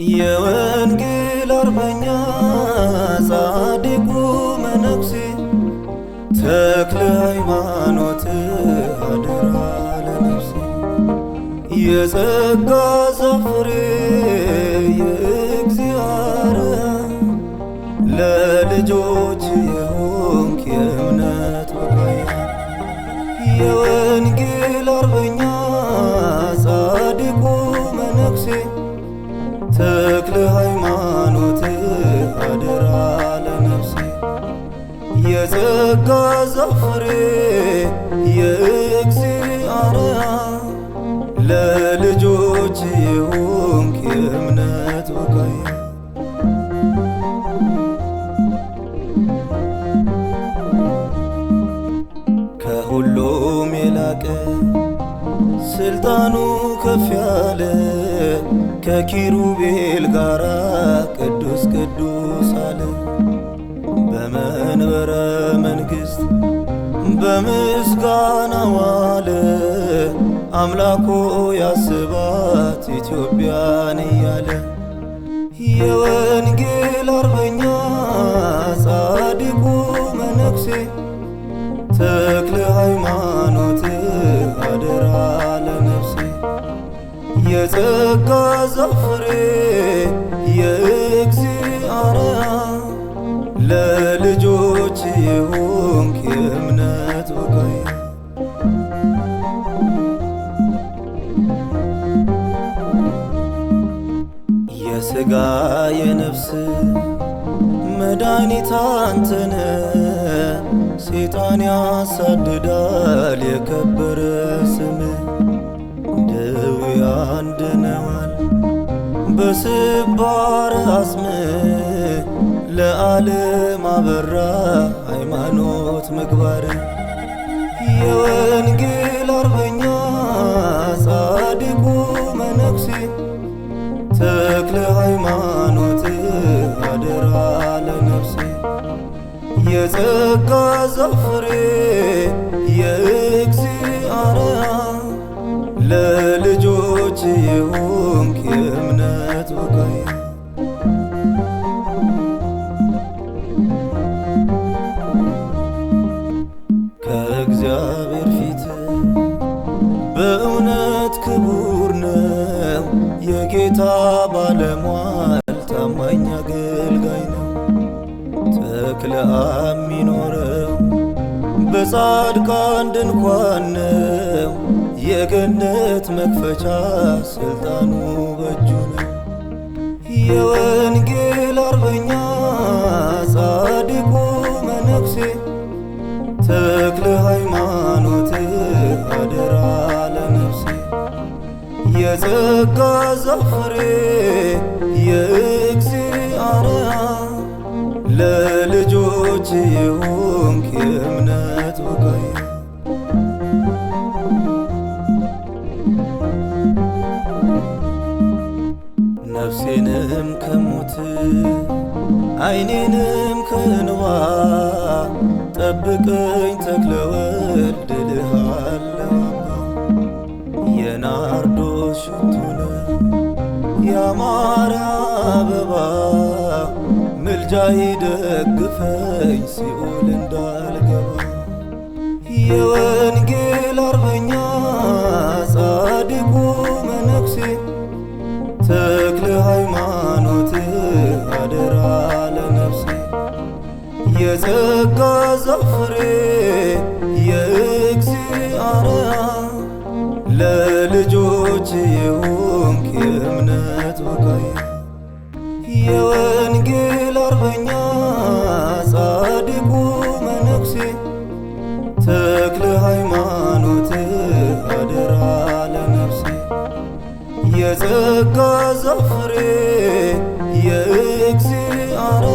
Yeah. ተክለ ሃይማኖት አደራ ለነፍሴ የጸጋ ዛፍ የእግዚአብሔር ለልጆች የሆንክ የእምነት የጸጋ ዘፍሬ የእግዚአብሔር ለልጆች የሆንክ የእምነት ወጋይ ከሁሉም የላቀ ስልጣኑ ከፍ ያለ ከኪሩቤል ጋራ ቅዱስ ቅዱስ አለ። መንበረ መንግሥት በምስጋና ዋለ አምላኮ ያስባት ኢትዮጵያን እያለ የወንጌል አርበኛ ጻድቁ መነኩሴ ተክለ ሃይማኖት አደራ ለነፍሴ የጸጋ ዛፍ ፍሬ የእግዚእ አርያ ለልጆች ሆንክ የእምነት ወጋይ የስጋ የነፍስ መድኃኒት አንተነ ሴጣን ያሳድዳል የከበረ ስም ደዌያን ድነዋል በስባር አጽም ለዓለም አበራ ሃይማኖት ምግባር የወንጌል አርበኛ ጻድቁ መነኩሴ ተክለ ሃይማኖት አደራ ለነፍሴ የጸጋ ዘፍሬ የእግዚአብሔር ለልጆች የሆንክ የእምነት ወጋዬ እውነት ክቡር ነው የጌታ ባለሟል ታማኝ አገልጋይ ነው። ተክለ የሚኖረው በጻድቃን ድንኳን ነው። የገነት መክፈቻ ስልጣኑ በእጁ ነው። የወንጌ የጸጋ ዛፍሬ የእግዚአብሔር ለልጆች የሆንክ የእምነት ወጋይ ነፍሴንም ከሞት ዓይኔንም ከንዋ ጠብቀኝ ተክለወልድ ድልሃ የናርዶስ ሽቱነ ያማረ አበባ ምልጃ ይደግፈኝ ሲኦል እንዳልገባ የወንጌል አርበኛ ጻድቁ መነኩሴ ተክለ ሃይማኖት አደራ ለነፍሴ የጸጋ ዛፍ ፍሬ የሆንክ የእምነት በቃይ የወንጌል አርበኛ ጻድቁ መነኩሴ ተክለ ሃይማኖት አደራ ለነፍሴ የጸጋ ዘፍሬ የእግዚአብሔር